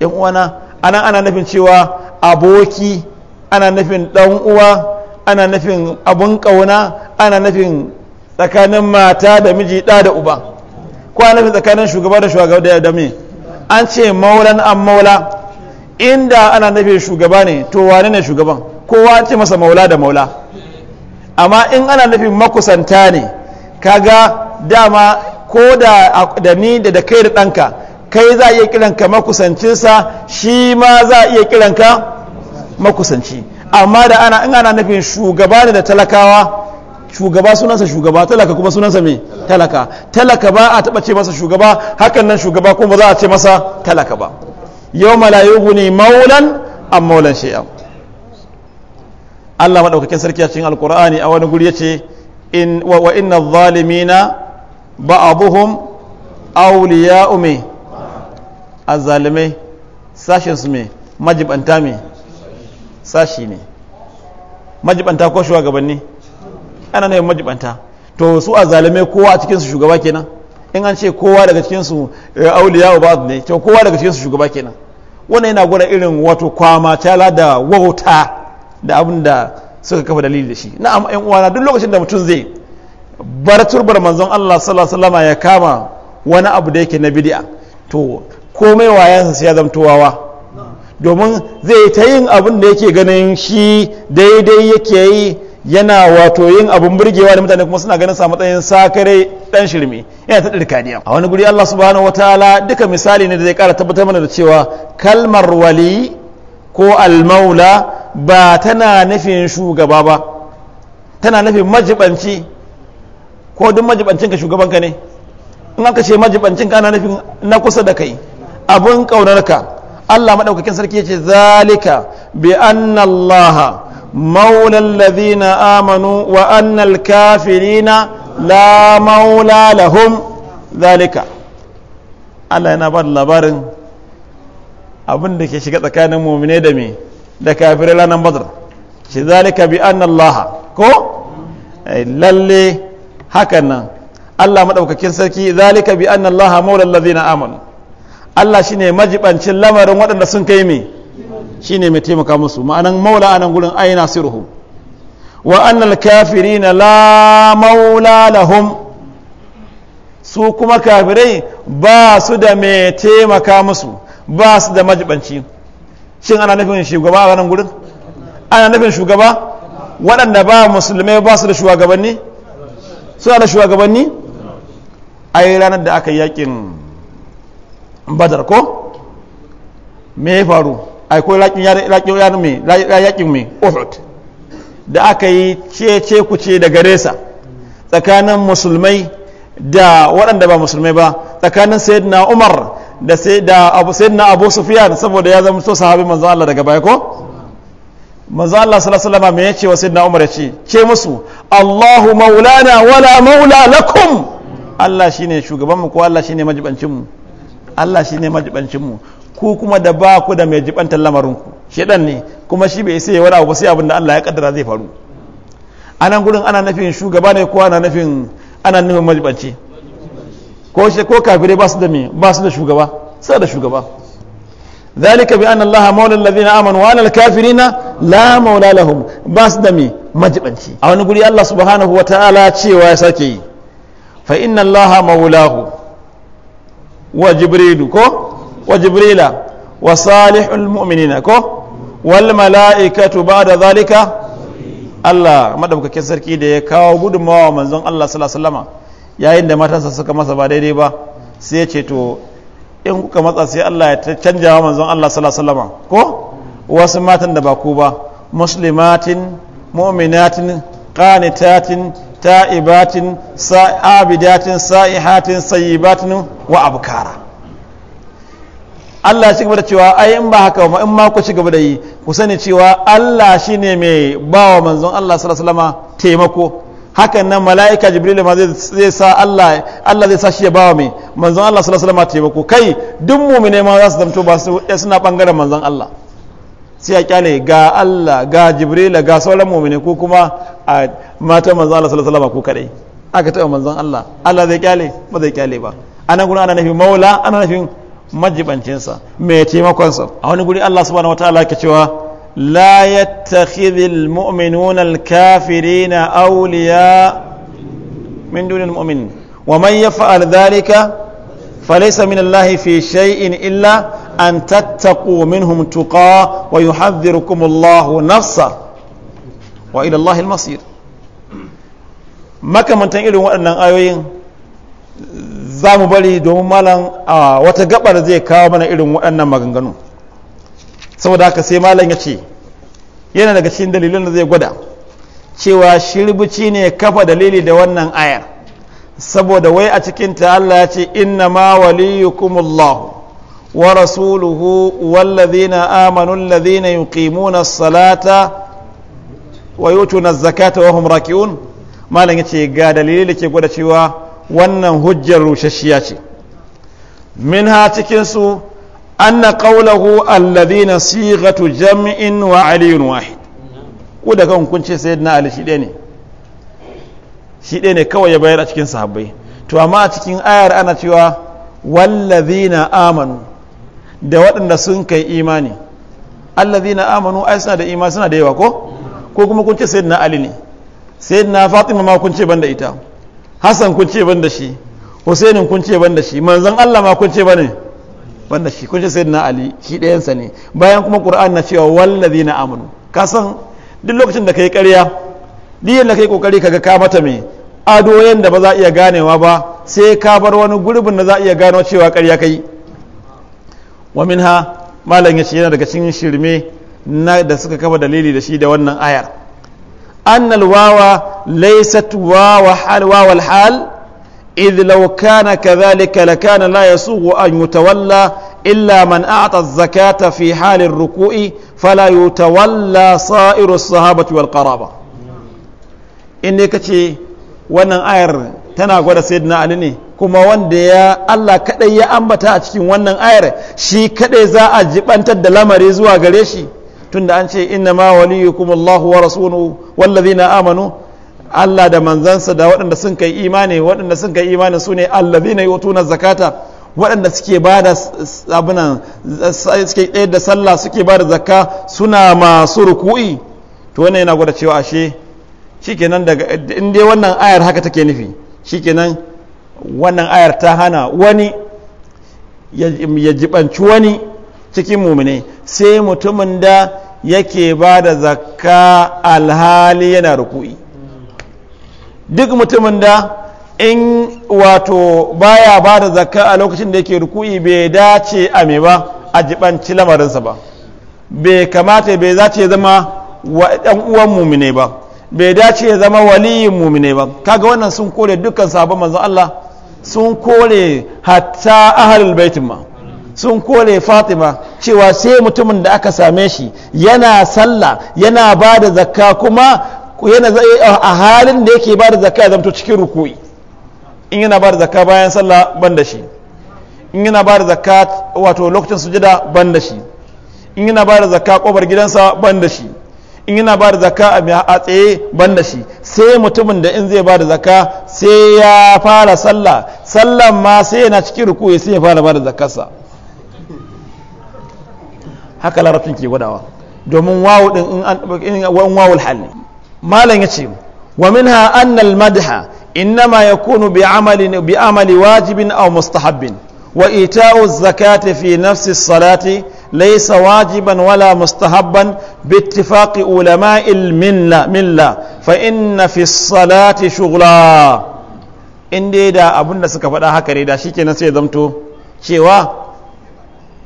yan uwana ana ana nufin cewa aboki ana nufin ɗan uwa ana nufin abun kauna ana nufin tsakanin mata da miji da da uba ko ana nufin tsakanin shugaba da shugaba da mai an ce maulan an maula inda ana nufin shugaba ne to wane ne shugaban kowa an ce masa maula da maula amma in ana nufin makusanta ne kaga dama ko da da ni da da kai da ɗanka kai za a iya kiranka makusancinsa shi ma za a iya kiranka makusanci amma da ana in ana nufin shugaba ne da talakawa shugaba sunansa shugaba talaka kuma sunansa mai talaka talaka ba a taɓa ce masa shugaba hakan nan shugaba kuma ba za a ce masa talaka ba yau malayu ne maulan an maulan shi'a Allah maɗaukakin sarki a cikin alkur'ani a wani guri ya ce wa, wa inna zalimina ba'abuhum awliya'u me azzalimai sashin su me majibanta me sashi ne majibanta ko shugabanni ana ne majibanta to su a zalimai kowa a cikinsu shugaba kenan in an ce kowa daga cikinsu eh, auliya ba ne to kowa daga cikinsu shugaba kenan wannan yana gwada irin wato kwama tala da wauta da abin da suka kafa dalili da shi na'am ƴan uwana duk lokacin da mutum zai bar turbar manzon Allah sallallahu alaihi wasallam ya kama wani abu da yake na bid'a to komai wayansa sai ya zamto wawa domin zai ta yin abin da yake ganin shi daidai yake yi yana wato yin abun burgewa da mutane kuma suna ganin sa matsayin sakare dan shirme yana ta dirkaniya a wani guri Allah subhanahu wataala duka misali ne da zai kara tabbatar mana da cewa kalmar wali ko almaula ba tana nufin shugaba ba tana nufin majibanci ko duk majibancinka shugabanka ne in aka ce majibancinka ana nufin na kusa da kai abin ƙaunarka Allah maɗaukakin sarki ya ce zalika bi anna Allah amanu wa annal kafirina la maula lahum zalika Allah yana ba da labarin abin da ke shiga tsakanin mumine da me da kafirai ranar badar shi zalika bi annan laha, ko lalle hakan nan Allah maɗaukakin sarki zalika bi anna Allah maula na amanu Allah shine majibancin lamarin waɗanda sun kai me shine mai taimaka musu ma'anan maula anan gurin aina nasiruhum wa annan kafiri na la maula lahum su kuma kafirai ba su da mai taimaka musu ba su da majibanci cin ana nufin shugaba a nan gurin ana nufin shugaba waɗanda ba musulmai ba su da shugabanni suna da shugabanni a yi ranar da aka yakin badar ko me ya faru a yi ko yakin mai uhud da aka yi cece kuce da garesa tsakanin musulmai da waɗanda ba musulmai ba tsakanin sayyidina umar da sai da abu na abu sufyan saboda ya zama to sahabi manzo Allah daga baya ko manzo Allah sallallahu alaihi wasallam me yace wa sayyidina Umar yace ce musu Allahu maulana wala maula lakum Allah shine shugaban mu ko Allah shine majibancin mu Allah shine majibancin mu ku kuma da ba ku da mai jibantar lamarin ku shedan ne kuma shi bai sai ya wada ba sai abin da Allah ya kaddara zai faru anan gurin ana nufin shugaba ne ko ana nufin ana nufin majibanci ko shi ko kafirai ba su da me ba su da shugaba sai da shugaba ذلك بأن الله مولى الذين آمنوا وأن الكافرين لا مولى لهم باس دمي مجبنشي أو نقول الله سبحانه وتعالى شيء ويساكي فإن الله مولاه وجبريل كو وجبريل وصالح المؤمنين كو والملائكة بعد ذلك الله ما دبك كسر كيدي كاو قد ما منزون الله صلى الله عليه وسلم yayin da matansa suka masa ba daidai ba sai ya ce to in kuka matsa sai Allah ya canja wa manzon Allah sallallahu alaihi wasallam ko wasu matan da ba ku ba muslimatin mu'minatin qanitatin ta'ibatin sa'abidatin sa'ihatin sayyibatin wa abkara Allah shi gaba da cewa ai in ba haka in ma ku ci gaba da yi ku sani cewa Allah shine mai bawa manzon Allah sallallahu alaihi wasallam taimako hakan nan mala'ika jibril ma zai sa Allah Allah zai sa shi ya bawa mai manzon Allah sallallahu alaihi wasallam taimako kai duk mu'mine ma za su zamto ba su eh, suna bangaren manzon Allah sai a kyale ga Allah ga jibril ga sauran mu'mine ko kuma a mata manzon Allah sallallahu alaihi wasallam ko kadai aka taɓa manzon Allah Allah zai kyale ba zai kyale ba anan gurin ana nafi maula ana nufin majibancinsa mai taimakonsa a wani guri Allah subhanahu wataala ke cewa لا يتخذ المؤمنون الكافرين أولياء من دون المؤمنين ومن يفعل ذلك فليس من الله في شيء إلا أن تتقوا منهم تقى ويحذركم الله نفسه وإلى الله المصير makamantan irin waɗannan ayoyin za mu bari domin malam a wata gabar zai kawo mana irin waɗannan maganganu saboda haka sai malam ya ce yana daga cikin dalilin da zai gwada cewa shirbici ne kafa dalili da wannan ayar saboda wai a cikin ta Allah ya ce inna ma waliyukumullahu wa rasuluhu wallazina amanu allazina yuqimuna as-salata wa yutuna zakata wa hum raki'un malam ya ce ga dalili da ke gwada cewa wannan hujjar rushashiya ce minha cikin su أن قوله الذين صيغة جمع وعلي واحد ko da kan kun ce sayyidina ali shi ne shi ne kawai ya bayar a cikin sahabbai to amma a cikin ayar ana cewa wallazina amanu da waɗanda sun kai imani allazina amanu ai suna da imani suna da yawa ko ko kuma kun ce sayyidina ali ne sayyidina fatima ma kun ce ban da ita Hassan kun ce ban da shi husainin kun ce ban da shi manzon Allah ma kun ce bane wanda shi kunshi sai na ali shi ɗayansa ne bayan kuma ƙura'an na cewa wallazi na amanu ka san duk lokacin da ka yi karya diyan da ka kokari kaga ka mata me ado yadda ba za a iya ganewa ba sai ka bar wani gurbin da za a iya gano cewa karya kai wa ha malam ya ce yana daga cikin shirme na da suka kafa dalili da shi da wannan ayar annal wawa laysat wawal hal إذ لو كان كذلك لكان لا يسوغ أن يتولى إلا من أعطى الزكاة في حال الركوع فلا يتولى صائر الصحابة والقرابة إني كتي وانا آير تنا قد سيدنا عليني kuma wanda ya Allah kaɗai ya ambata a cikin wannan ayar shi kaɗai za a jibantar da lamari zuwa gare shi tunda an ce inna ma waliyukum Allahu wa rasuluhu wallazina amanu Allah da manzansa da waɗanda sun kai imani waɗanda sun kai imani su ne allazina yutuna zakata waɗanda suke ba da abinan suke ɗaya da sallah suke ba da zakka suna masu ruku'i to wannan yana gwada cewa ashe shikenan daga inda wannan ayar haka take nufi shikenan wannan ayar ta hana wani ya jibanci wani cikin mumine sai mutumin da yake ba da zakka alhali yana ruku'i duk mutumin da in wato baya ba da zakka a lokacin da yake ruku'i bai dace a me ba a jibanci lamarinsa ba bai kamata bai dace zama wa ɗan uwan mumine ba bai dace ya zama waliyin mumine ba kaga wannan sun kore dukkan sabon manzon Allah sun kore hatta ahlul baitin ma sun kore fatima cewa sai mutumin da aka same shi yana sallah yana ba da zakka kuma ko yana a halin da yake ba da zaka ya zamto cikin ruku'i in yana ba da zaka bayan sallah ban da shi in yana ba da zaka wato lokacin sujada ban da shi in yana ba da zaka kobar gidansa ban da shi in yana ba da zaka a tsaye ban da shi sai mutumin da in zai ba da zaka sai ya fara sallah sallan ma sai yana cikin ruku'i sai ya fara ba da zakkarsa haka larabcin ke gwadawa domin wawu din in wawul halin malam ya ce wa minha ha annal madha innama yakunu bi amali bi amali wajibin a mustahabbin wa ita'u zakati fi nafsi salati laisa wajiban wala mustahabban bi ittifaqi ulama'i al milla fa inna fi salati shughla in dai da abinda suka faɗa haka ne da shikenan sai zamto cewa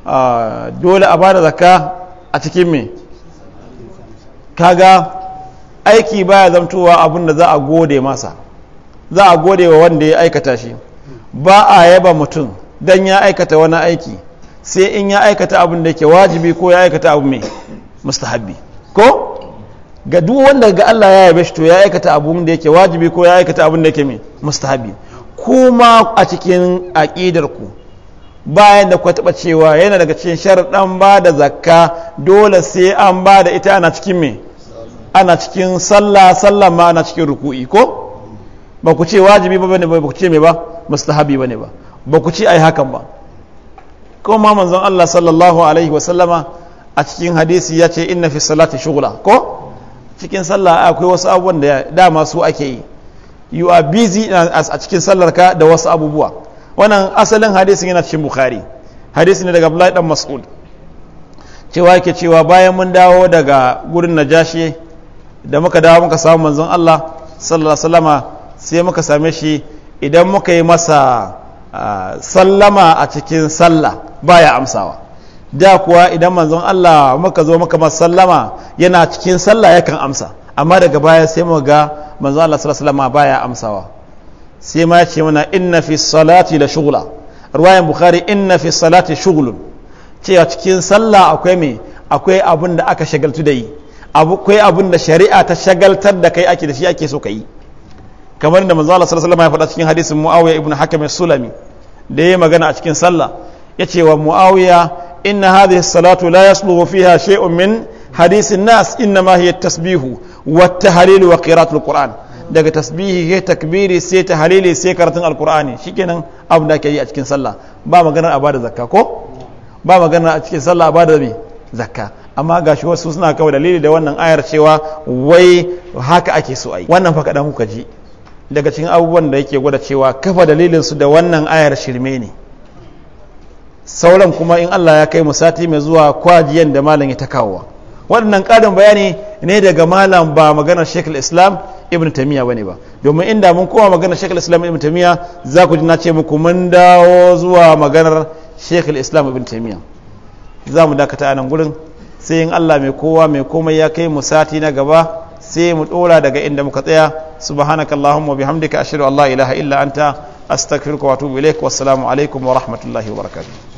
ah, dole a bada zakka a cikin me kaga aiki baya zamtowa abin da za a gode masa za a gode wa wanda ya aikata shi ba a yaba mutum don ya aikata wani aiki sai in ya aikata abin da ke wajibi ko ya aikata abu mai Habbi. ko ga duk wanda ga Allah ya yabe shi to ya aikata abin da yake wajibi ko ya aikata abin da yake mai Habbi. kuma a cikin aqidar ku bayan da kuka taba cewa yana daga cikin sharaɗan ba da zakka dole sai an ba da ita ana cikin mai ana cikin sallah sallah ma ana cikin ruku'i ko ba ku ce wajibi ba bane ba ku ce me ba mustahabi bane ba ba ku ce ai hakan ba kuma manzon Allah sallallahu alaihi wa sallama a cikin hadisi ya ce inna fi salati shughla ko cikin sallah akwai wasu abubuwan da dama su ake yi you are busy a cikin sallar ka da wasu abubuwa wannan asalin hadisin yana cikin bukhari hadisi ne daga Abdullahi dan Mas'ud cewa yake cewa bayan mun dawo daga gurin Najashi da muka dawo muka samu manzon Allah sallallahu alaihi sai muka same shi idan muka yi masa sallama a cikin sallah baya amsawa da kuwa idan manzon Allah muka zo muka masa sallama yana cikin sallah yakan amsa amma daga baya sai mu ga manzon Allah sallallahu alaihi baya amsawa sai ma ya ce mana inna fi salati la shughla ruwayan bukhari inna fi salati shughlun cewa cikin sallah akwai me akwai abin da aka shagaltu da yi akwai abin da shari'a ta shagaltar da kai ake da shi ake so ka yi kamar da manzo Allah sallallahu alaihi wasallam ya faɗa cikin hadisin Muawiya ibn Hakim sulami da yayi magana a cikin sallah yace wa Muawiya inna hadhihi salatu la yasluhu fiha shay'un min hadisin nas inna ma hiya tasbihu wa tahlil wa qira'atul Qur'an daga tasbihi sai takbiri sai tahlili sai karatun alqur'ani shikenan abin da ake yi a cikin sallah ba maganar a bada zakka ko ba maganar a cikin sallah a bada zakka amma gashi wasu suna kawo dalili da wannan ayar cewa wai haka ake so ai wannan faka dan kuka ji daga cikin abubuwan da yake gwada cewa kafa dalilin su da wannan ayar shirme ne sauran kuma in Allah ya kai mu sati mai zuwa kwajiyan da malam ya ta kawowa waɗannan ƙarin bayani ne daga malam ba maganar shekul islam ibn tamiya ba ne ba domin inda mun koma maganar shekul islam ibn tamiya za ku ji na ce muku mun dawo zuwa maganar shekul islam ibn tamiya za mu dakata a nan gurin sai in Allah mai kowa mai komai ya kai mu sati na gaba sai mu dora daga inda muka tsaya subhanakallahumma bihamdika ashhadu an la ilaha illa anta astaghfiruka wa atubu ilaik wassalamu alaikum wa rahmatullahi wa barakatuh